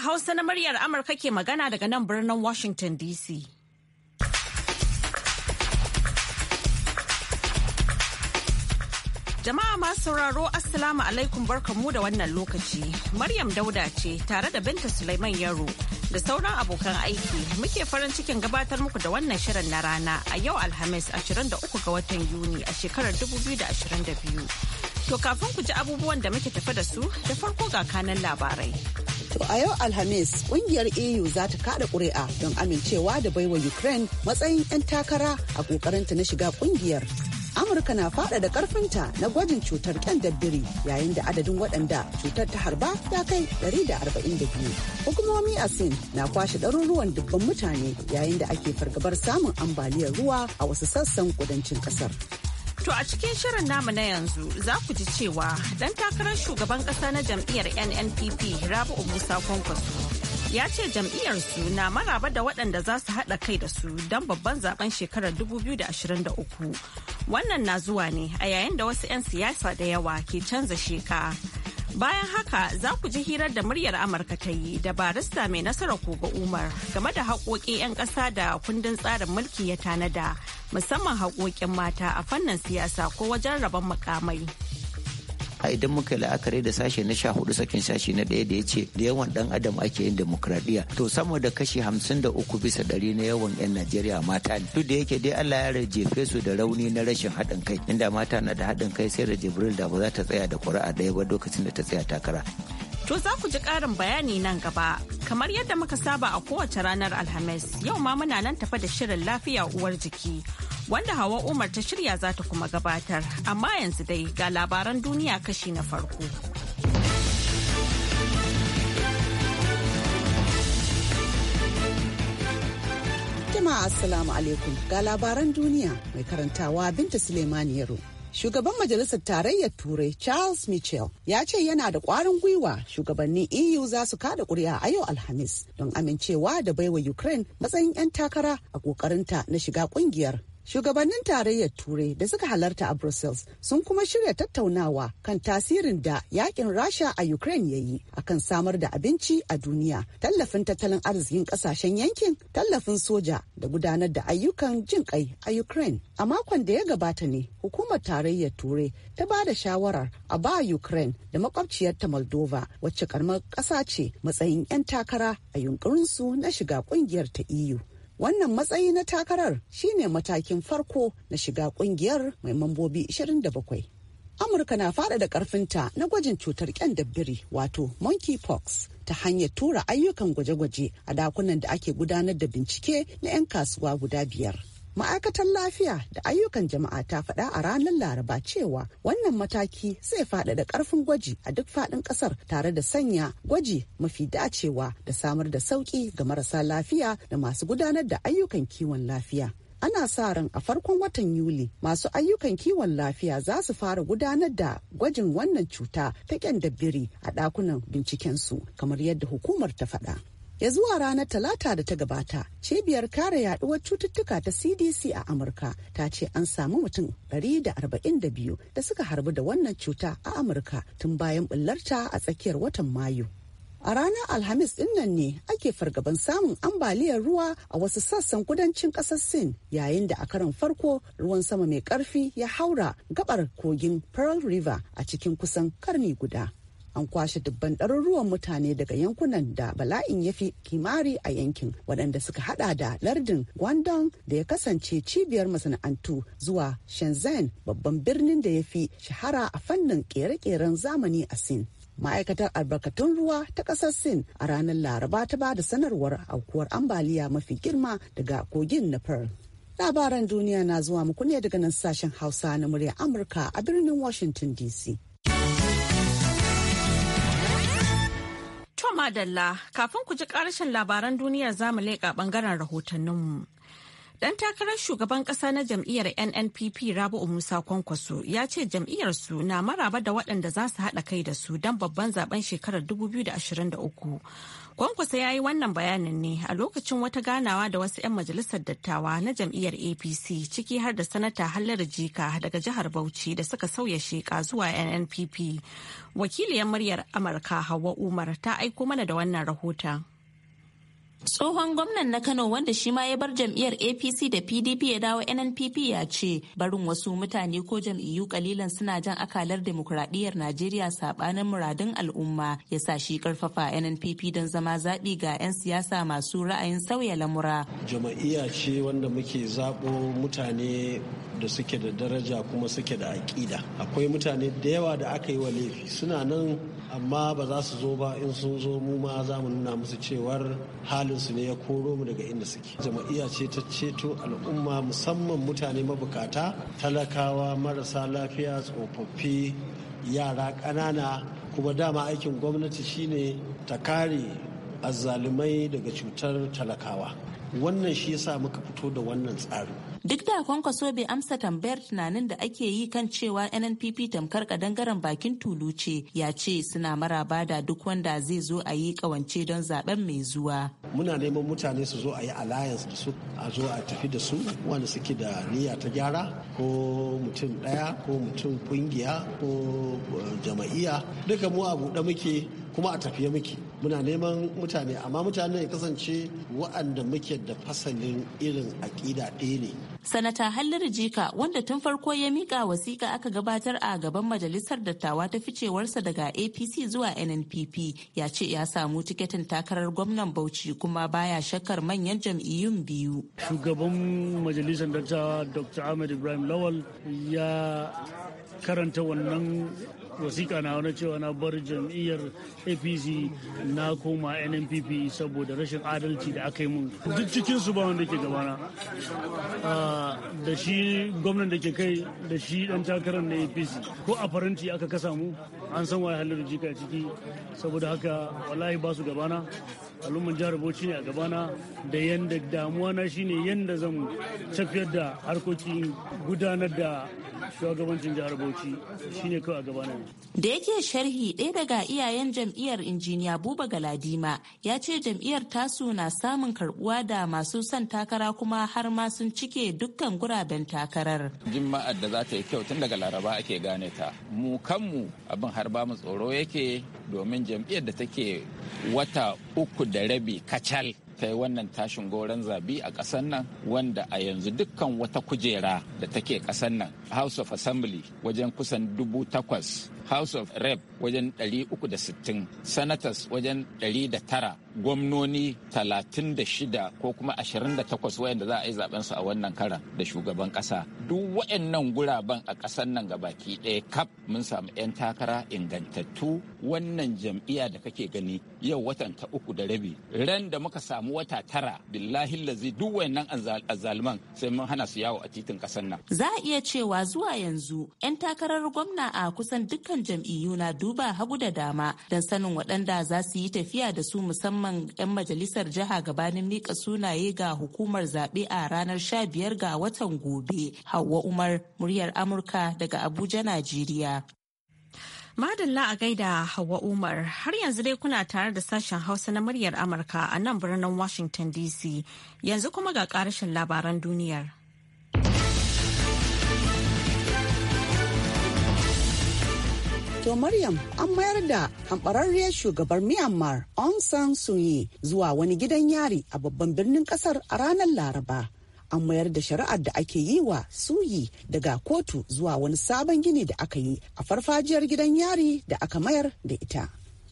Hausa na muryar Amurka ke magana daga nan birnin Washington DC. Jama'a masu sauraro Assalamu alaikum barkamu da wannan lokaci. Maryam Dauda ce tare da Binta Sulaiman Yaro da sauran abokan aiki muke farin cikin gabatar muku da wannan shirin na rana a yau Alhamis 23 ga watan Yuni a shekarar 2022. To kafin ku ji abubuwan da muke tafe da su da farko ga kanan labarai. To a yau Alhamis kungiyar EU za ta kada kuri'a don amincewa da baiwa Ukraine matsayin 'yan takara a kokarinta na shiga kungiyar. Amurka na fada da karfinta na gwajin cutar dabbiri yayin da adadin waɗanda cutar ta harba ya kai 142. Hukumomi a Sin na kwashe ɗaruruwan dubban mutane yayin da ake fargabar samun ambaliyar ruwa a wasu sassan kudancin ƙasar. To a cikin shirin namu na yanzu za ku ji cewa dan takarar shugaban kasa na jam'iyyar NNPP Rabi'u Musa Kwankwaso ya ce jam'iyyar su na maraba da waɗanda za su haɗa kai da su don babban zaben shekarar 2023. Wannan na zuwa ne a yayin da wasu 'yan siyasa da yawa ke canza sheka. Bayan haka za ku ji hirar da muryar Amurka ta yi da barista mai nasara koga Umar game da haƙoƙi 'yan ƙasa da kundin tsarin mulki ya tanada musamman haƙoƙin mata a fannin siyasa ko wajen rabon mukamai. a idan muka yi la'akari da sashe na sha hudu sakin sashe na ɗaya da ya ce da yawan dan adam ake yin demokradiyya to sama da kashi hamsin da uku bisa ɗari na yawan 'yan najeriya mata ne duk da yake dai allah ya rajefe su da rauni na rashin haɗin kai inda mata na da haɗin kai sai da jibril da ba za ta tsaya da ƙuri'a ɗaya ba lokacin da ta tsaya takara To za ku ji ƙarin bayani nan gaba. Kamar yadda muka saba a kowace ranar Alhamis, yau ma muna nan tafa da shirin lafiya uwar jiki. wanda Hawa Umar ta shirya za ta kuma gabatar. Amma yanzu dai ga labaran duniya kashi na farko. Jama'a Assalamu alaikum ga labaran duniya mai karantawa Binta Suleimani Yaro. Shugaban Majalisar Tarayyar Turai Charles Michel ya ce yana da ƙwarin gwiwa shugabannin EU za su kada ƙuri'a a yau Alhamis don amincewa da baiwa Ukraine matsayin 'yan takara a ƙoƙarinta na shiga ƙungiyar Shugabannin tarayyar Turai da suka halarta a Brussels sun kuma shirya tattaunawa kan tasirin da yakin Rasha a Ukraine ya yi akan samar da abinci a duniya, tallafin tattalin arzikin kasashen yankin, tallafin soja da gudanar da ayyukan jin kai a Ukraine. A makon da ya gabata ne, hukumar tarayyar Turai ta ba da shawarar a ba Ukraine da makwabciyarta Moldova wacce karamar ƙasa ce matsayin 'yan takara a yunkurinsu na shiga kungiyar ta EU. Wannan matsayi na takarar shine matakin farko na shiga kungiyar mai mambobi 27. Amurka na faɗaɗa karfinta na gwajin cutar biri wato monkeypox ta hanyar tura ayyukan gwaje-gwaje a dakunan da ake gudanar da bincike na 'yan kasuwa guda biyar. ma'aikatar lafiya da ayyukan jama'a ta faɗa a ranar laraba cewa wannan mataki zai faɗaɗa ƙarfin gwaji a duk faɗin ƙasar tare da sanya gwaji mafi dacewa da samar da sauƙi ga marasa lafiya da masu gudanar da ayyukan kiwon lafiya ana sa ran a farkon watan yuli masu ayyukan kiwon lafiya za su fara gudanar da gwajin wannan cuta ta biri a dakunan bincikensu kamar yadda hukumar ta faɗa ya zuwa ranar talata da ta gabata cibiyar kare yaduwar cututtuka ta cdc a amurka ta ce an samu mutum 142 da suka harbu da wannan cuta a amurka tun bayan bullarta a tsakiyar watan mayu a ranar alhamis dinnan ne ake fargaban samun ambaliyar ruwa a wasu sassan kudancin kasar sin yayin da a karon farko ruwan sama mai karfi ya haura gabar kogin pearl river a cikin kusan karni guda an kwashe dubban ɗaruruwan mutane daga yankunan da bala'in ya fi kimari a yankin waɗanda suka hada da lardin guangdong da ya kasance cibiyar masana'antu zuwa shenzhen babban birnin da ya fi shahara a fannin ƙere-ƙeren zamani a sin ma'aikatar albarkatun ruwa ta ƙasar sin a ranar laraba ta ba da sanarwar aukuwar ambaliya mafi girma daga kogin na pearl labaran duniya na zuwa muku ne daga nan sashen hausa na murya amurka a birnin washington dc To madalla kafin ku ji ƙarashin labaran duniya za mu leƙa ɓangaren rahotanninmu. Dan takarar shugaban kasa na jam'iyyar NNPP Rabu'u Musa Kwankwaso ya ce jam'iyyarsu na maraba da waɗanda za su haɗa kai da su don babban zaben shekarar 2023. Kwankwaso ya yi wannan bayanin ne a lokacin wata ganawa da wasu 'yan majalisar dattawa na jam'iyyar APC ciki har da sanata Hallar Jika daga jihar Bauchi da suka sauya sheka zuwa NNPP. Wakiliyar muryar Amurka Hauwa Umar ta aiko mana da wannan rahoton. Tsohon gwamnan na Kano wanda shi ma ya bar jam'iyyar APC da PDP ya dawo NNPP ya ce barin wasu mutane ko jam'iyyu kalilan suna jan akalar demokuraɗiyyar Najeriya saɓanin muradun al'umma ya sa shi karfafa NNPP don zama zaɓi ga 'yan siyasa masu ra'ayin sauya lamura. Jama'iyya ce wanda muke zaɓo mutane da suke da daraja kuma suke da aƙida. Akwai mutane da yawa da aka yi wa laifi suna nan amma ba za su zo ba in sun zo mu ma za mu nuna musu cewar hali halinsu ne ya koro mu daga inda suke jama'iyya ce ta ceto al'umma musamman mutane mabukata talakawa marasa lafiya tsofaffi yara ƙanana kuma dama aikin gwamnati shine ta kare azzalumai daga cutar talakawa wannan shi yasa muka fito da wannan tsarin Duk da kwankwaso bai amsa tambayar tunanin da ake yi kan cewa NNPP tamkar kadangaren bakin tulu ce ya ce suna maraba da duk wanda zai zo a yi kawance don zaben mai zuwa. Muna neman mutane su zo a yi alliance da su a zo a tafi da su wanda suke da niyya ta gyara ko mutum daya ko mutum kungiya ko eh, jama'iya duka mu a buɗe muke kuma a tafiye muke muna neman mutane amma mutane ya kasance wa'anda muke da fasalin irin aƙida ɗaya ne sanata hallar jika wanda tun farko ya mika wasiƙa aka gabatar a gaban majalisar dattawa ta ficewarsa daga apc zuwa nnpp ya ce ya samu tiketin takarar gwamnan bauchi kuma baya shakkar manyan jam'iyyun biyu shugaban majalisar dattawa dr ahmed ibrahim lawal ya karanta wannan wasiƙa na wani cewa na bar jam'iyyar apc na koma nnpp saboda rashin adalci da aka yi mun duk cikinsu ba wanda ke gabana ah, da shi gwamnan da ke kai da shi dan takarar na apc ko a faranti aka kasa mu an san waye halin jika ciki saboda haka wallahi ba su gabana al'umman jihar bauchi ne a gabana da yanda damuwa na shine yanda zan tafiyar da harkokin gudanar da shugabancin jihar Bauchi shine kawai a gaba Da yake sharhi ɗaya daga iyayen jam'iyyar injiniya Buba Galadima ya ce jam'iyyar tasu na samun karbuwa da masu son takara kuma har ma sun cike dukkan guraben takarar. Jima'ar da za ta yi kyau tun daga Laraba ake gane ta. Mu kanmu abin har ba mu tsoro yake domin jam'iyyar da take wata uku da rabi kacal ta yi wannan tashin goron zabi a ƙasar nan wanda a yanzu dukkan wata kujera da take ƙasar nan house of assembly wajen kusan dubu takwas house of rep wajen 360 senators wajen 109 gwamnoni 36 ko kuma 28 wayanda za a yi zaben su a wannan karan da shugaban kasa duk wayannan guraben a kasan nan gabaki ɗaya kaf mun samu 'yan takara ingantattu wannan jam'iyya da kake gani yau watan ta uku da rabi ran da muka samu wata tara billahi lazi duk wayannan azzaluman sai mun hana su yawo a titin kasan nan za a iya cewa zuwa yanzu 'yan takarar gwamna a kusan dukkan jam'iyyu na duba hagu da dama don sanin waɗanda za su yi tafiya da su musamman musamman 'yan majalisar jiha gabanin mika sunaye ga hukumar zaɓe a ranar 15 ga watan gobe. hawa Umar, muryar Amurka daga Abuja, Najeriya. Madalla a gaida Hauwa Umar har yanzu dai kuna tare da sashen Hausa na muryar Amurka a nan birnin Washington DC yanzu kuma ga ƙarashin labaran duniyar. To Maryam an mayar da hambararriyar shugabar Myanmar Aung San Suu Kyi zuwa wani gidan yari a babban birnin kasar a ranar Laraba. An mayar da shari'ar da ake yi wa suyi daga kotu zuwa wani sabon gini da aka yi a farfajiyar gidan yari da aka mayar da ita.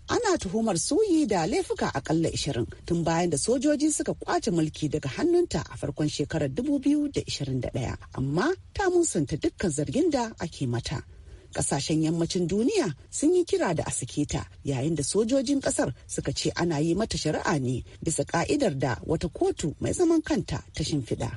Ana tuhumar suyi da laifuka akalla 20 tun bayan da sojoji suka kwace mulki daga hannunta a farkon shekarar 2021 amma ta musanta dukkan zargin da ake mata. kasashen yammacin duniya sun yi kira da a yayin da sojojin kasar suka ce ana yi mata shari'a ne bisa ka'idar da wata kotu mai zaman kanta ta shimfiɗa.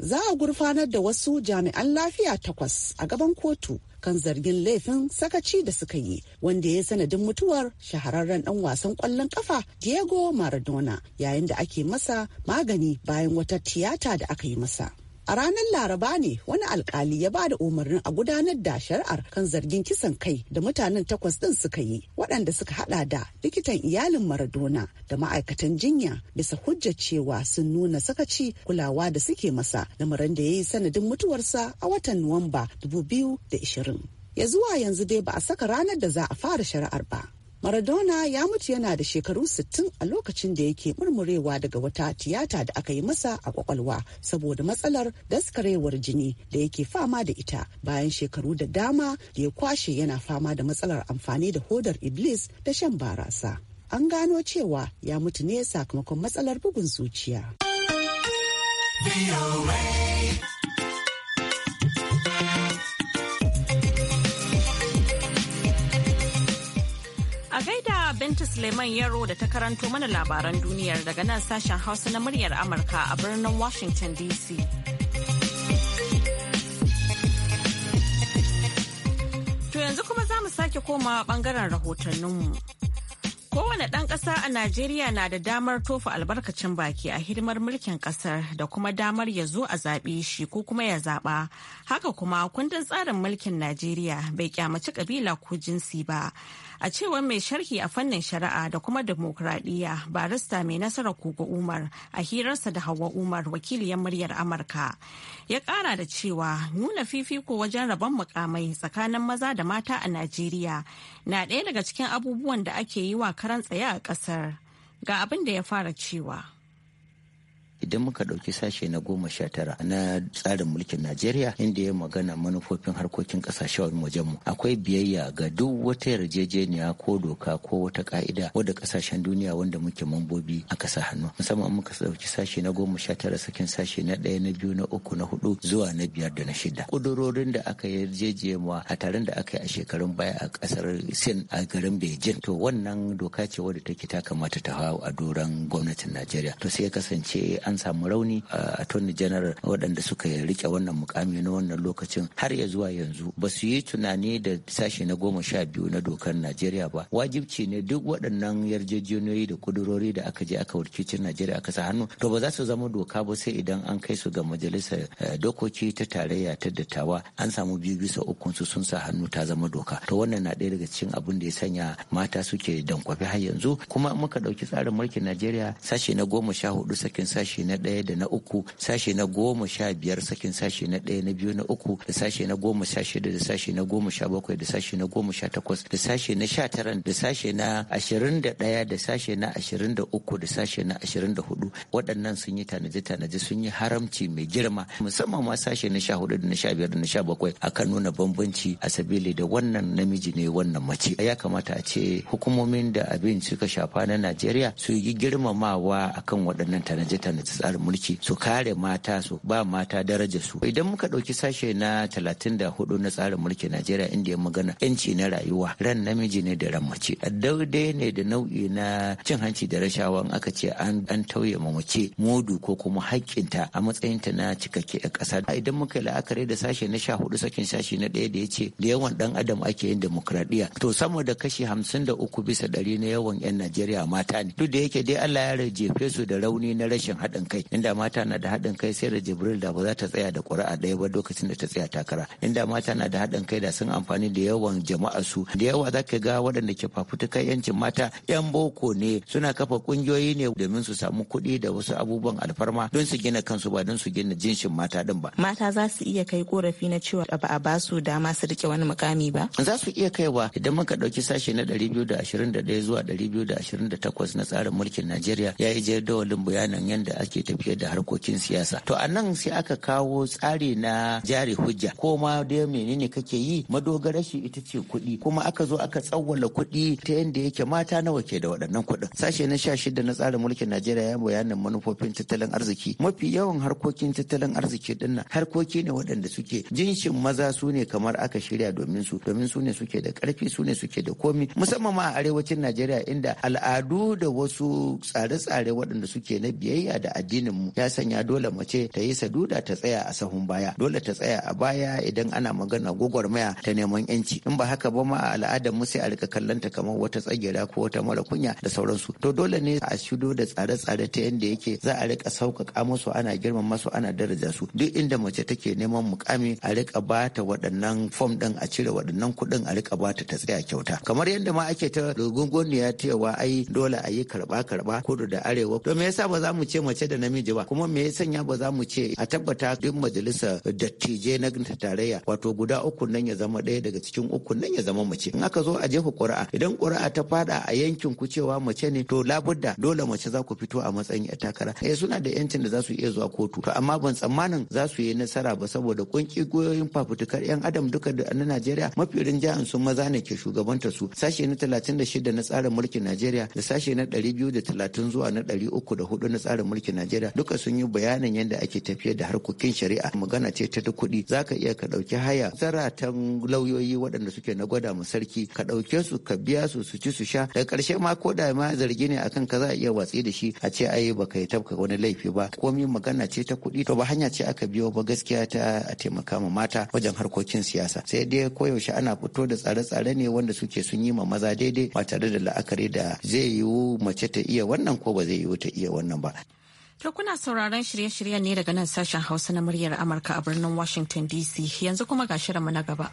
za a gurfanar da wasu jami'an lafiya takwas a gaban kotu kan zargin laifin sakaci da suka yi wanda ya sanadin mutuwar shahararren dan wasan kwallon kafa diego maradona yayin da ake masa magani bayan wata tiyata da aka yi masa a ranar laraba ne wani alkali ya ba da umarnin a gudanar da shari'ar kan zargin kisan kai da mutanen takwas din suka yi waɗanda suka haɗa da likitan iyalin maradona da ma'aikatan jinya bisa hujjar cewa sun nuna sakaci kulawa da suke masa lamarin da ya yi sanadin mutuwarsa a watan nuwamba 2020 ya zuwa yanzu dai ba a saka ranar da za a fara shari'ar ba Maradona ya mutu yana da shekaru 60 a lokacin da yake murmurewa daga wata tiyata da aka yi masa a kwakwalwa saboda matsalar daskarewar jini da yake fama da ita bayan shekaru da dama da ya kwashe yana fama da matsalar amfani da hodar iblis da shan barasa. An gano cewa ya mutu ne sakamakon matsalar bugun zuciya. Suleiman Yaro da ta karanto mana labaran duniyar daga nan sashen Hausa na muryar Amurka a birnin Washington DC. To yanzu kuma za mu sake komawa bangaren rahotanninmu. Kowane ɗan ƙasa a Najeriya na da damar tofa albarkacin baki a hidimar mulkin ƙasar da kuma damar ya zo a zaɓe shi ko kuma ya zaɓa. Haka kuma kundin tsarin mulkin Najeriya bai kyamaci ƙabila ko jinsi ba. A cewar mai sharhi a fannin shari'a da kuma demokradiyya barista mai nasara kogo Umar a hirarsa da Hauwa Umar wakiliyar muryar Amurka. Ya ƙara da cewa nuna fifiko wajen rabon mukamai tsakanin maza da mata a Najeriya na ɗaya daga cikin abubuwan da ake yi wa karan tsaye a ƙasar. Ga abin da ya fara cewa. idan muka ɗauki sashe na goma sha tara na tsarin mulkin najeriya inda ya magana manufofin harkokin ƙasashen wajenmu, mu akwai biyayya ga duk wata yarjejeniya ko doka ko wata ka'ida wadda ƙasashen duniya wanda muke mambobi a sa hannu musamman muka ɗauki sashe na goma sha tara sakin sashe na ɗaya na biyu na uku na hudu zuwa na biyar da na shida ƙudurorin da aka yarjejewa a taron da aka yi a shekarun baya a ƙasar sin a garin beijing to wannan doka ce wadda take ta kamata ta hau a doron gwamnatin najeriya to sai ya kasance an samu rauni a attorney general waɗanda suka rike wannan mukami na wannan lokacin har ya zuwa yanzu ba su yi tunani da sashe na goma sha biyu na dokar najeriya ba wajibci ne duk waɗannan yarjejeniyoyi da kudurori da aka je aka wakilcin najeriya aka sa hannu to ba za su zama doka ba sai idan an kai su ga majalisar dokoki ta tarayya ta dattawa an samu biyu bisa ukun su sun sa hannu ta zama doka to wannan na ɗaya daga cikin abin da ya sanya mata suke dankwafi har yanzu kuma muka ɗauki tsarin mulkin najeriya sashe na goma sha hudu sakin sashe sashi na ɗaya da na uku sashi na goma sha biyar sakin sashi na ɗaya na biyu na uku da sashi na goma sha shida da sashi na goma sha bakwai da sashi na goma sha takwas da sashi na sha tara da sashi na ashirin da ɗaya da sashi na ashirin da uku da sashi na ashirin da hudu waɗannan sun yi tanaji tanaji sun yi haramci mai girma musamman ma sashi na sha hudu da na sha biyar da na sha bakwai akan nuna bambanci a sabili da wannan namiji ne wannan mace ya kamata a ce hukumomin da abin suka shafa na najeriya su yi girmamawa akan waɗannan tanaje-tanaje tsarin mulki su kare mata su ba mata daraja su idan muka ɗauki sashe na talatin da hudu na tsarin mulki Najeriya inda ya magana yanci na rayuwa ran namiji ne da ran mace daidai ne da nau'i na cin hanci da rashawa in aka ce an tauye ma mace modu ko kuma ta a matsayinta na cikakke a ƙasa idan muka yi la'akari da sashe na sha hudu sakin sashe na ɗaya da ya ce da yawan ɗan adam ake yin demokradiyya to sama da kashi hamsin da uku bisa ɗari na yawan 'yan Najeriya mata ne duk da yake dai Allah ya jefe su da rauni na rashin haɗa haɗin kai inda mata na da haɗin kai sai da jibril da ba za ta tsaya da ƙuri'a ɗaya ba lokacin da ta tsaya takara inda mata na da haɗin kai da sun amfani da yawan jama'a su da yawa za ka ga waɗanda ke fafutukan yancin mata yan boko ne suna kafa ƙungiyoyi ne domin su samu kuɗi da wasu abubuwan alfarma don su gina kansu ba don su gina jinshin mata ɗin ba. mata za su iya kai korafi na cewa ba a ba su dama su rike wani mukami ba. za su iya kaiwa idan muka ɗauki sashe na ɗaya zuwa takwas na tsarin mulkin najeriya ya yi jadawalin bayanin yadda ake tafiyar da harkokin siyasa to a nan sai aka kawo tsari na jari hujja ko ma dai menene kake yi madogara shi ita ce kuɗi kuma aka zo aka tsawwala kuɗi ta yanda yake mata nawa ke da waɗannan kuɗin sashe na sha shida na tsarin mulkin najeriya ya bayanin manufofin tattalin arziki mafi yawan harkokin tattalin arziki dinnan harkoki ne waɗanda suke jinshin maza su ne kamar aka shirya domin su domin su ne suke da ƙarfi su ne suke da komi musamman ma a arewacin najeriya inda al'adu da wasu tsare-tsare waɗanda suke na biyayya da addinin mu ya sanya dole mace ta yi saduda ta tsaya a sahun baya dole ta tsaya a baya idan ana magana gwagwarmaya ta neman yanci in ba haka ba ma al'adar mu sai a rika kallon ta kamar wata tsagera ko wata mara kunya da sauransu to dole ne a shido da tsare-tsare ta yadda yake za a rika sauƙaƙa musu ana girmama su ana daraja su duk inda mace take neman mukami a rika ba ta waɗannan fom ɗin a cire waɗannan kuɗin a rika ba ta ta tsaya kyauta kamar yadda ma ake ta rugunguniya cewa ai dole a yi karɓa-karɓa kudu da arewa to me yasa ba za mu ce mace mace da namiji ba kuma me ya sanya ba za mu ce a tabbata duk majalisa dattijai na tarayya wato guda uku nan ya zama ɗaya daga cikin uku nan ya zama mace in aka zo a jefa ƙuri'a idan ƙuri'a ta fada a yankin ku cewa mace ne to labudda dole mace za ku fito a matsayin ya takara eh suna da yancin da za su iya zuwa kotu to amma ban tsammanin za su yi nasara ba saboda kunki goyoyin fafutukar yan adam duka na Najeriya mafi rinjayen su maza ne ke shugabantar su sashe na 36 na tsarin mulkin Najeriya da sashe na 230 zuwa na 304 na tsarin mulkin Najeriya duka sun yi bayanin yadda ake tafiyar da harkokin shari'a magana ce ta kuɗi zaka iya ka ɗauki haya zaratan lauyoyi waɗanda suke na gwada mu sarki ka ɗauke su ka biya su su ci su sha daga ƙarshe ma ko da ma zargi ne akan ka za a iya watsi da shi a ce ai baka yi tabka wani laifi ba komai magana ce ta kuɗi to ba hanya ce aka biyo ba gaskiya ta a taimaka ma mata wajen harkokin siyasa sai dai koyaushe ana fito da tsare-tsare ne wanda suke sun yi ma maza daidai ba tare da la'akari da zai yiwu mace ta iya wannan ko ba zai yiwu ta iya wannan ba To kuna sauraron shirye-shiryen ne daga nan sashen Hausa na muryar Amurka a birnin Washington DC yanzu kuma ga shirinmu na gaba.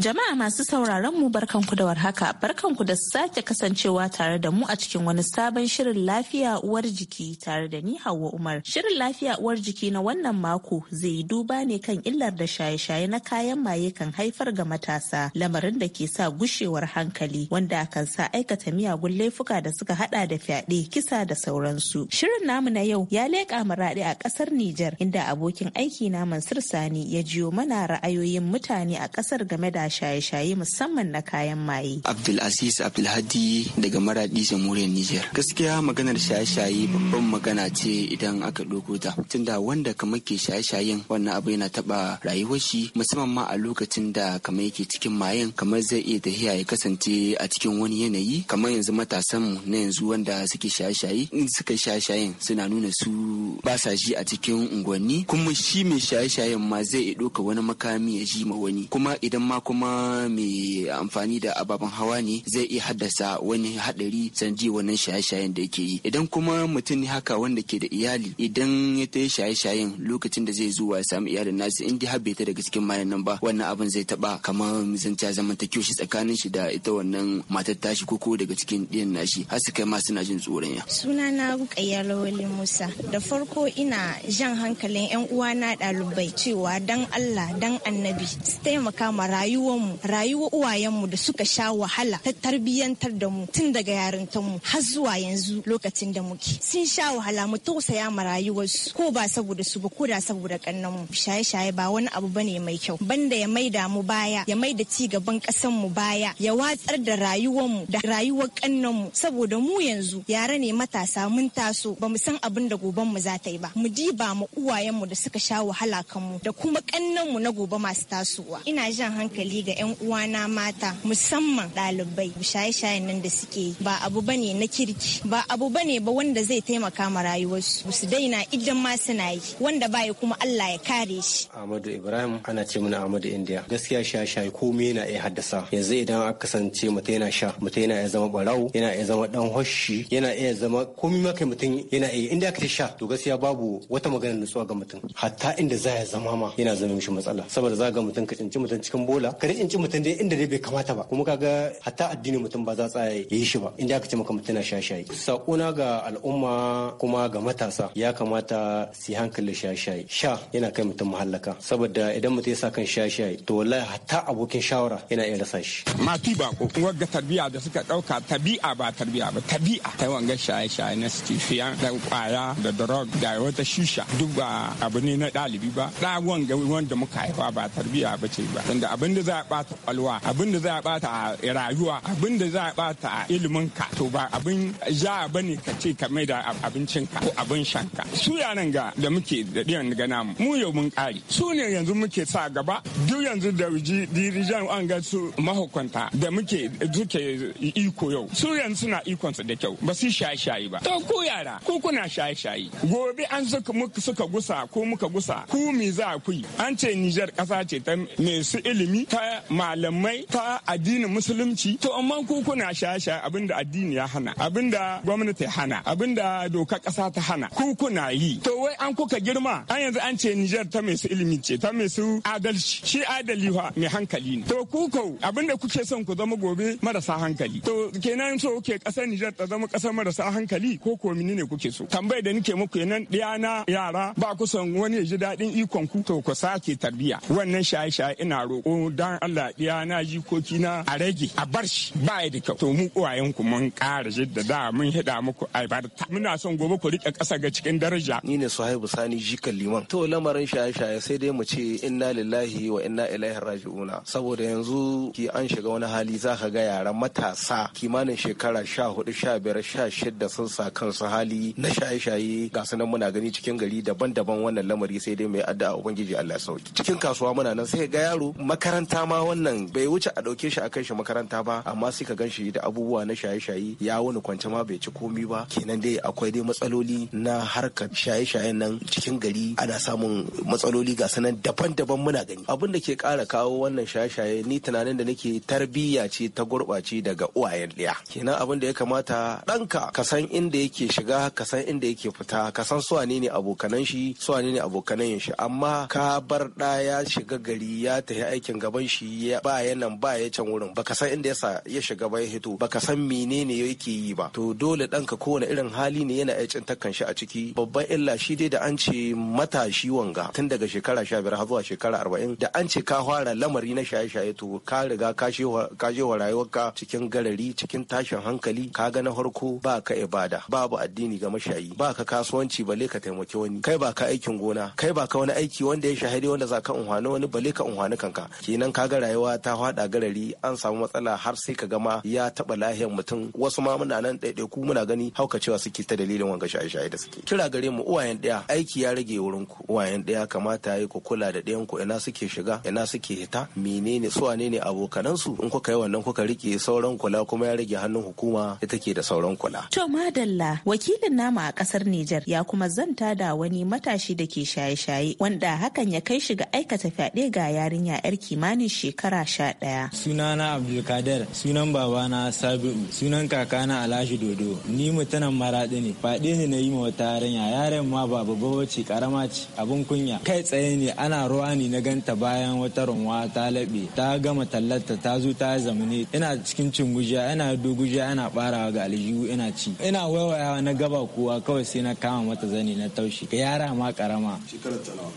Jama'a masu sauraron mu barkanku da warhaka, barkanku da sake kasancewa tare da mu a cikin wani sabon shirin lafiya uwar jiki tare da ni Hauwa Umar. Shirin lafiya uwar jiki na wannan mako zai yi duba ne kan illar da shaye-shaye na kayan maye kan haifar ga matasa, lamarin da ke sa gushewar hankali wanda kan sa aikata miyagun laifuka da suka hada da fyaɗe, kisa da sauransu. Shirin namu na yau ya leƙa maraɗi a ƙasar Nijar inda abokin aiki na Mansur Sani ya jiyo mana ra'ayoyin mutane a ƙasar game da shaye-shaye musamman na kayan maye. Abdulaziz Abdulhadi daga Maradi jamhuriyar Nijar. Gaskiya maganar shaye-shaye babban magana ce idan aka ɗauko ta. Tunda wanda kamar ke shaye-shayen wannan abu yana taɓa rayuwar shi musamman ma a lokacin da kamar yake cikin mayen kamar zai iya tafiya ya kasance a cikin wani yanayi kamar yanzu matasan mu na yanzu wanda suke shaye-shaye in suka shaye-shayen suna nuna su ba sa ji a cikin unguwanni kuma shi mai shaye-shayen ma zai iya ɗauka wani makami ya ji ma wani kuma idan ma kuma kuma mai amfani da ababen hawa ne zai iya haddasa wani hadari sanji wannan shaye-shayen da yake yi idan kuma mutum ne haka wanda ke da iyali idan ya ta shaye-shayen lokacin da zai zuwa ya samu iyalin nasu in dai har bai ta daga cikin mayan nan ba wannan abin zai taba kamar zanta kyau shi tsakanin shi da ita wannan matar tashi ko ko daga cikin ɗiyan nashi har su kai ma suna jin tsoron ya sunana rukayya lawali musa da farko ina jan hankalin yan uwa na ɗalibai cewa dan Allah dan annabi su taimaka ma rayuwa rayuwarmu rayuwar uwayenmu da suka sha wahala ta tarbiyyantar da mu tun daga mu har zuwa yanzu lokacin da muke sun sha wahala mu tausaya ma rayuwarsu ko ba saboda su ba ko da saboda kannanmu shaye-shaye ba wani abu bane mai kyau banda ya maida mu baya ya maida ci gaban ƙasar mu baya ya watsar da rayuwarmu da rayuwar kannanmu saboda mu yanzu yara ne matasa mun taso ba mu san abin da goben mu za ta yi ba mu diba mu uwayenmu da suka sha wahala kanmu da kuma kannanmu na gobe masu tasowa ina jan hankali hankali ga 'yan uwana mata musamman ɗalibai shaye-shayen nan da suke ba abu bane na kirki ba abu bane ba wanda zai taimaka ma rayuwarsu su daina idan ma suna yi wanda baya kuma Allah ya kare shi. Ahmadu Ibrahim ana ce mana Ahmadu India gaskiya shaye-shaye komai yana iya haddasa yanzu idan aka kasance mutum yana sha mutum yana iya zama barau yana iya zama dan hoshi yana iya zama komai maka mutum yana iya inda aka sha to gaskiya babu wata magana nutsuwa ga mutum hatta inda za ya zama ma yana zama mishi matsala saboda za ga mutum ka cinci mutum cikin bola ka da in mutum dai inda dai bai kamata ba kuma kaga hatta addini mutum ba za tsaya ya yi shi ba inda aka ce maka mutum na shashayi sakona ga al'umma kuma ga matasa ya kamata su hankali shaye. sha yana kai mutum mahallaka saboda idan mutum ya sa kan shashayi to wallahi hatta abokin shawara yana iya rasa shi mati ba ko ga tarbiya da suka dauka tabi'a ba tarbiya ba tabi'a ta wanga shaye-shaye na stifiya da kwaya da drug da wata shisha duk ba abu ne na dalibi ba da wanga wanda muka haifa ba tarbiya ba ce ba tunda abin da za a bata kwalwa abin da za a bata rayuwa abin da za a bata a ilimin ka to ba abin ja bane ka ce ka mai da abincin ka ko abin shan ka su yaran ga da muke da diyan ga namu mu yau mun kare su ne yanzu muke sa gaba duk yanzu da ji dirijan an ga su mahukunta da muke duke iko yau su yanzu suna ikon su da kyau ba su shaye shaye ba to ku yara ku kuna shaye shaye gobe an suka muka suka gusa ko muka gusa ku me za ku yi an ce Niger kasa ce ta me su ilimi ta ta malamai ta addinin musulunci to amma kukuna kuna shasha abinda addini ya hana abinda gwamnati ya hana abinda doka kasa ta hana kukuna yi to wai an kuka girma an yanzu an ce Nijar ta mai su ilimi ce ta mai su adalci shi adali fa mai hankali ne to ku abinda kuke son ku zama gobe marasa hankali to kenan so ke ƙasar Nijar ta zama kasar marasa hankali ko ko ne kuke so tambayar da nake muku kenan ɗaya na yara ba ku son wani ya ji daɗin ikon ku to ku sake tarbiya wannan shaye-shaye ina roƙo da dan Allah ya na jikoki na a rage a bar shi ba ya da kyau to mu uwayen ku mun ƙara da mun hida muku albarka muna son gobe ku rike ƙasa ga cikin daraja ni ne Suhaibu Sani jikan liman to lamarin shaye-shaye sai dai mu ce inna lillahi wa inna ilaihi raji'una saboda yanzu ki an shiga wani hali za ka ga yaran matasa kimanin shekara sha hudu sha biyar sha shida sun sa kansu hali na shaye-shaye ga sanan muna gani cikin gari daban-daban wannan lamari sai dai mai addu'a ubangiji Allah sauki cikin kasuwa muna nan sai ga yaro makaranta dama wannan bai wuce a ɗauke shi a kai shi makaranta ba amma sai ka gan shi da abubuwa na shaye-shaye ya wani kwance ma bai ci komi ba kenan dai akwai dai matsaloli na harkar shaye-shayen nan cikin gari ana samun matsaloli ga sanan daban-daban muna gani abin da ke ƙara kawo wannan shaye-shaye ni tunanin da nake tarbiyya ce ta gurɓace daga uwayen ɗaya kenan abin da ya kamata ɗanka ka san inda yake shiga ka san inda yake fita ka san su ne abokanan shi su ne abokanan shi amma ka bar ɗaya shiga gari ya tafi aikin gaban shi ya ba ya ba ya can wurin baka san inda yasa ya shiga ba ya hito baka san menene yake yi ba to dole ka kowane irin hali ne yana aicin takan shi a ciki babban illa shi dai da an ce matashi wanga tun daga shekara sha biyar har zuwa shekara arba'in da an ce ka fara lamari na shaye-shaye to ka riga ka je wa rayuwarka cikin garari cikin tashin hankali ka ga na farko ba ka ibada babu addini ga mashayi ba ka kasuwanci bale ka taimaki wani kai ba ka aikin gona kai ba ka wani aiki wanda ya shahari wanda za ka unhwani wani bale ka unhwani kanka kenan kaga rayuwa ta hada garari an samu matsala har sai ka gama ya taɓa lahiyar mutum wasu ma muna nan ku muna gani haukacewa suke ta dalilin wanga shaye-shaye da suke kira gare mu uwayen ɗaya aiki ya rage wurin ku uwayen ɗaya kamata yi ku kula da ɗayan ku ina suke shiga ina suke hita menene su wane ne abokanan su in kuka yi wannan kuka rike sauran kula kuma ya rage hannun hukuma ita ke da sauran kula to madalla wakilin nama a ƙasar Nijar ya kuma zanta da wani matashi da ke shaye-shaye wanda hakan ya kai shi ga aikata fyaɗe ga yarinya yar kimanin shekara sha ɗaya. Sunana abdulkadir sunan babana Sabi'u, sunan kakana Alhaji Dodo, ni mutanen maraɗi ne, faɗi ne na yi ma wata yarinya, yaren ma ba babba ce karama ce abin kunya. Kai tsaye ne ana ruwa ne na ganta bayan wata runwa ta laɓe, ta gama tallata ta zo ta zamane, ina cikin cin gujiya, ina dogujiya, ina ɓarawa ga aljihu ina ci. Ina waiwayawa na gaba kowa kawai sai na kama mata zani na taushe ga yara ma karama.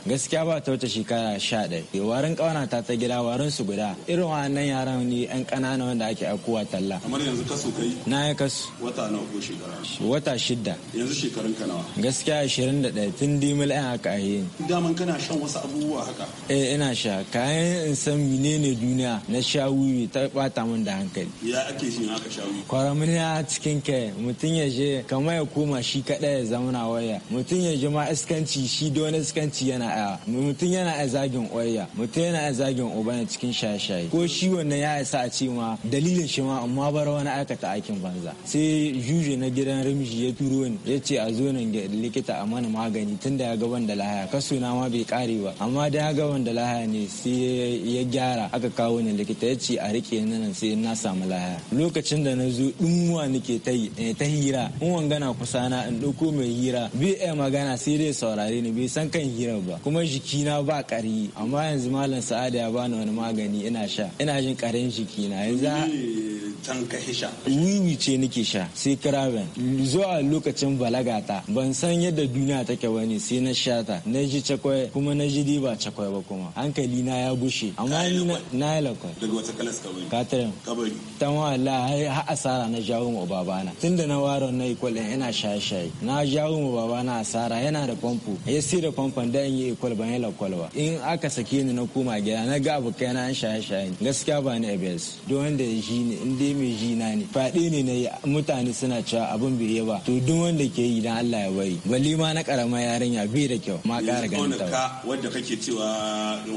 Gaskiya ba ta wata shekara sha ɗaya. Warin ta ta gida warin yaran su guda irin wannan yaran ne yan ƙanana wanda ake akuwa talla kamar yanzu kasu kai na ya kasu wata nawa ko shekara wata shidda yanzu shekarun ka nawa gaskiya ashirin da ɗaya tun dimil ɗin haka a yi daman kana shan wasu abubuwa haka eh ina sha kayan in san menene duniya na sha wuyi ta bata min da hankali ya ake shi haka sha wiwi kwaramuniya cikin kai mutum ya je kamar ya koma shi kaɗai ya na waya mutum ya je ma iskanci shi da wani iskanci yana aya mutum yana a zagin oya mutum yana a zagin ubana cikin shaye-shaye ko shi wannan ya isa a ce ma dalilin shi ma amma bar wani aikata aikin banza sai juje na gidan rimshi ya turo ni ya ce a zo nan ga likita a mana magani tunda ya ga wanda lahaya kaso na ma bai kare ba amma da ya ga da lahaya ne sai ya gyara aka kawo ni likita ya ce a rike ni nan sai na samu lahaya lokacin da na zo dumuwa nake ta yi eh, ta hira in wangana kusa na in ɗauko mai hira bai iya magana sai dai saurare ni bai san kan hira ba kuma jiki na ba ƙari amma yanzu malam sa'ada ya bani wani magani ina sha ina jin karin jiki na yanzu can ka sha. Wiwi ce nake sha sai kraven zuwa lokacin balagata ban san yadda duniya take wani sai na sha ta na ji cakwai kuma na ji ba cakwai ba kuma hankali na ya bushe amma ni na yi lakwai. Daga wata kalas kabari. Katarin. Kabari. Ta wala ha asara na jawo ma babana tunda na ware na yi kwalin ina shaye shaye na jawo ma babana asara yana da famfo ya sai da famfon da in yi ikwal ban lakwalwa lakwal ba in aka sake ni na koma gida na ga abu kai an shaye-shaye gaskiya ba ni abes duk wanda ya ji ni in mai ji na ne faɗi ne na mutane suna cewa abin bai yi ba to duk wanda ke yi dan Allah ya bari bali ma na karama yarinya bai da kyau ma ƙara ganin ta wanda kake cewa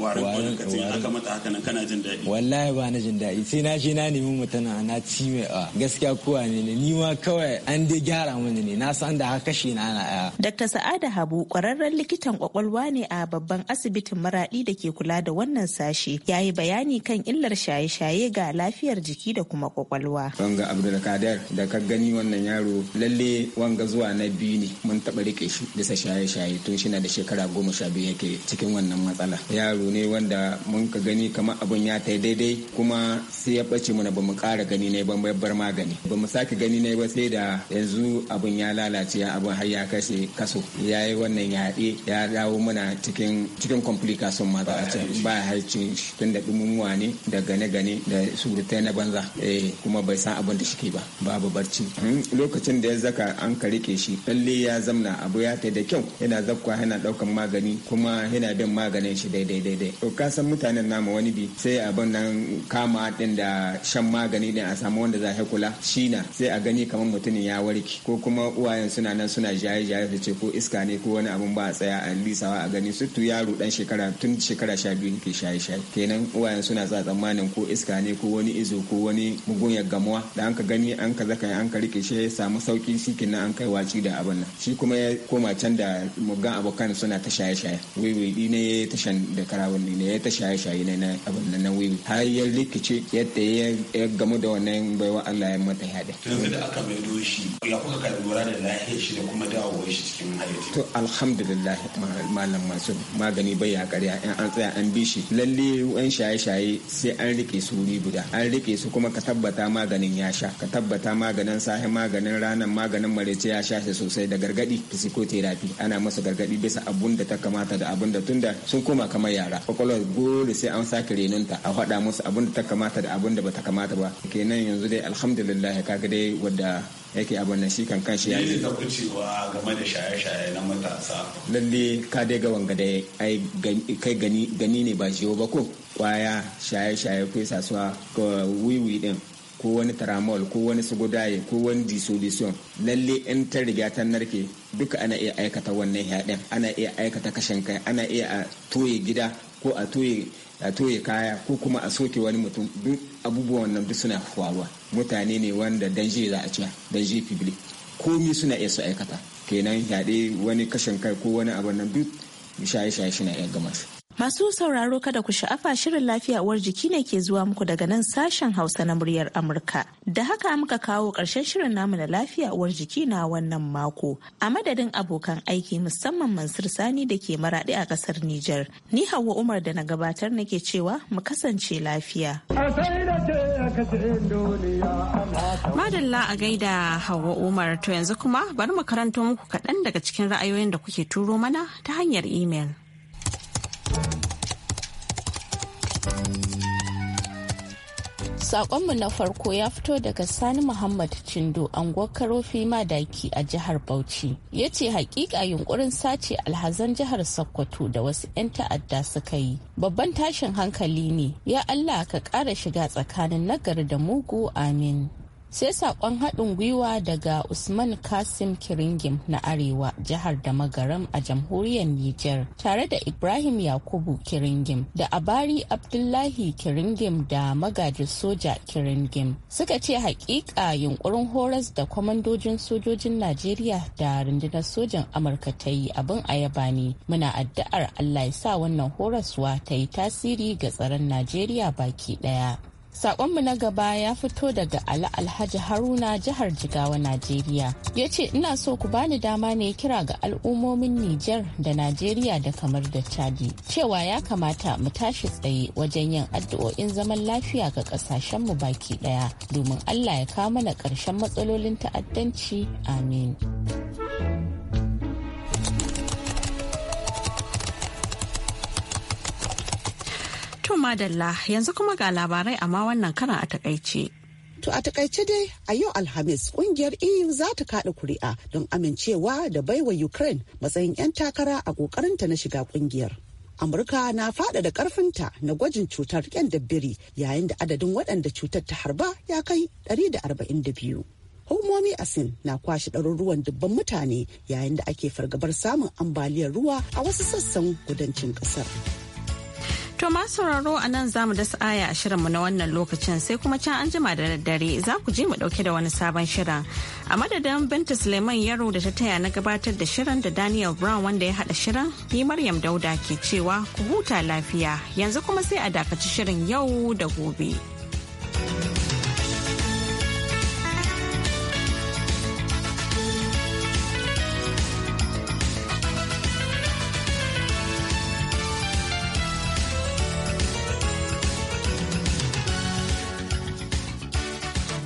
warin wani ka ce aka mata haka nan kana jin daɗi wallahi ba na jin daɗi sai na je na nemi mutum na ci mai a gaskiya kowa ne ne ni ma kawai an dai gyara mini ne na san da haka shi na na. aya Dr. Sa'ada Habu kwararren likitan kwakwalwa ne a babban asibitin maraɗi da ke kula da wannan sashi ya ya yi bayani kan illar shaye-shaye ga lafiyar jiki da kuma kwakwalwa. Wanga Abdulkadir da ka gani wannan yaro lalle wanga zuwa na biyu ne mun taɓa rike shi bisa shaye-shaye tun shi na da shekara goma sha biyu yake cikin wannan matsala. Yaro ne wanda mun ka gani kamar abun ya ta daidai kuma sai ya ɓace mana ba mu ƙara gani ne mu bar magani. Ba mu sake gani ne ba sai da yanzu abun ya lalace abun har ya kashe kaso ya yi wannan yaɗe ya dawo mana cikin cikin complication ma ba a ba haicin shi tun da dumumuwa ne da gane-gane da surutai na banza eh, kuma bai san abin da shi ba babu barci hmm, lokacin da ya zaka an ka rike shi lalle ya zamna abu ya ta da kyau yana zakwa yana daukan magani kuma yana bin maganin shi daidai daidai to ka san mutanen namu wani bi sai abin nan kama din da shan magani din a samu wanda za kula shi na sai a gani kamar mutumin ya warke ko kuma uwayen suna nan suna jaye-jaye su ce ko iska ne ko wani abun ba a tsaya a lisawa a gani sutu yaro dan shekara tun shekara sha biyu ke shaye-shaye kenan nan uwayen suna za tsammanin ko iska ne ko wani izo ko wani mugun ya gamuwa da an ka gani an ka zaka an ka rike shi ya samu sauki shi nan an kai waci da abin nan shi kuma ya koma can da mugan abokan suna ta shaye shaye wiwi din ne ya tashan da karawun ne ya ta shaye shaye ne na abin nan na wiwi har ya rikice yadda ya gamu da wannan baiwa Allah ya mata hada to yanzu da aka maido shi ya kuka ka lura da lafiyar shi da kuma dawowar shi cikin hayyaci to alhamdulillah malam masu magani bai ya karya an tsaya an bi shi lalle yan shaye-shaye sai an rike su wuri guda an rike su kuma ka tabbata maganin ya sha ka tabbata maganin sahi maganin ranar maganin marece ya sha shi sosai da gargadi psychotherapy ana masa gargadi bisa abun da ta kamata da abun da tunda sun koma kamar yara kwakwalwar gole sai an sake renunta a faɗa musu abun da ta kamata da abun da bata kamata ba kenan yanzu dai alhamdulillah kaga dai wadda yake abin nan shi kan shi ya yi ta cewa game da shaye-shaye na matasa lalle ka dai ga wanga da ai kai gani ne ba jiyo ba ko kwaya shaye-shaye ko sasuwa ga wiwi din ko wani taramol ko wani sugudaye ko wani dissolution lalle in ta riga ta narke duka ana iya aikata wannan yaɗin ana iya aikata kashin kai ana iya a toye gida ko a toye a toye kaya ko kuma a soke wani mutum duk abubuwan nan duk suna faruwa mutane ne wanda danje za a ce danje public komi suna iya su aikata kenan yaɗe wani kashin kai ko wani abu nan duk shaye-shaye suna iya gama Masu sauraro kada ku sha'afa shirin lafiya uwar jiki ne ke zuwa muku daga nan sashen Hausa na muryar Amurka. Da haka muka kawo ƙarshen shirin namu na lafiya uwar jiki na wannan mako. A madadin abokan aiki musamman Mansur Sani da ke maraɗi a ƙasar Nijar. Ni Hauwa Umar da na gabatar nake cewa mu kasance lafiya. Madalla a gaida Hauwa Umar to yanzu kuma bari mu karanto muku kaɗan daga cikin ra'ayoyin da kuke turo mana ta hanyar imel. Sakonmu na farko ya fito daga Sani Muhammad Chindo anguwar Karofi Madaki a jihar Bauchi. Ya ce hakika yunkurin sace alhazan jihar Sokoto da wasu 'yan ta'adda suka yi. Babban tashin hankali ne, ya Allah ka ƙara shiga tsakanin nagari da mugu amin. sai sakon haɗin gwiwa daga usman kasim kiringim na arewa jihar da magaram a jamhuriyar niger tare da ibrahim yakubu kiringim da abari abdullahi kiringim da magajin soja kiringim suka ce hakika yunkurin horas da kwamandojin sojojin najeriya da rundunar sojan amurka ta yi abin ayaba ne muna addu'ar allah ya sa wannan horaswa ta yi tasiri ga tsaron najeriya baki ɗaya. Sakonmu na gaba ya fito daga ali Alhaji Haruna jihar Jigawa, Najeriya. Ya ce ina so ku bani dama ne kira ga al'ummomin Nijar da Najeriya da kamar da Chadi. Cewa ya kamata mu tashi tsaye wajen yin addu'o'in zaman lafiya ga kasashenmu baki ɗaya domin Allah ya kawo mana ƙarshen matsalolin ta'addanci. Amin. To madalla yanzu kuma ga labarai amma wannan karan a takaice. To a takaice dai a yau Alhamis kungiyar EU za ta kaɗa kuri'a don amincewa da baiwa Ukraine matsayin 'yan takara a kokarinta na shiga kungiyar. Amurka na faɗa da ƙarfinta na gwajin cutar biri yayin da adadin waɗanda cutar ta harba ya kai 142. hukumomi a sin na kwashe ɗaruruwan dubban mutane yayin da ake fargabar samun ambaliyar ruwa a wasu sassan kudancin ƙasar. To ma sauraro a nan za mu dasa aya a shirinmu na wannan lokacin sai kuma can an jima da daddare za ku je mu dauke da wani sabon shirin. A madadin Binta Suleiman Yaro da ta taya na gabatar da shirin da Daniel Brown wanda ya haɗa shirin ni Maryam Dauda ke cewa ku huta lafiya yanzu kuma sai a dakaci shirin yau da gobe.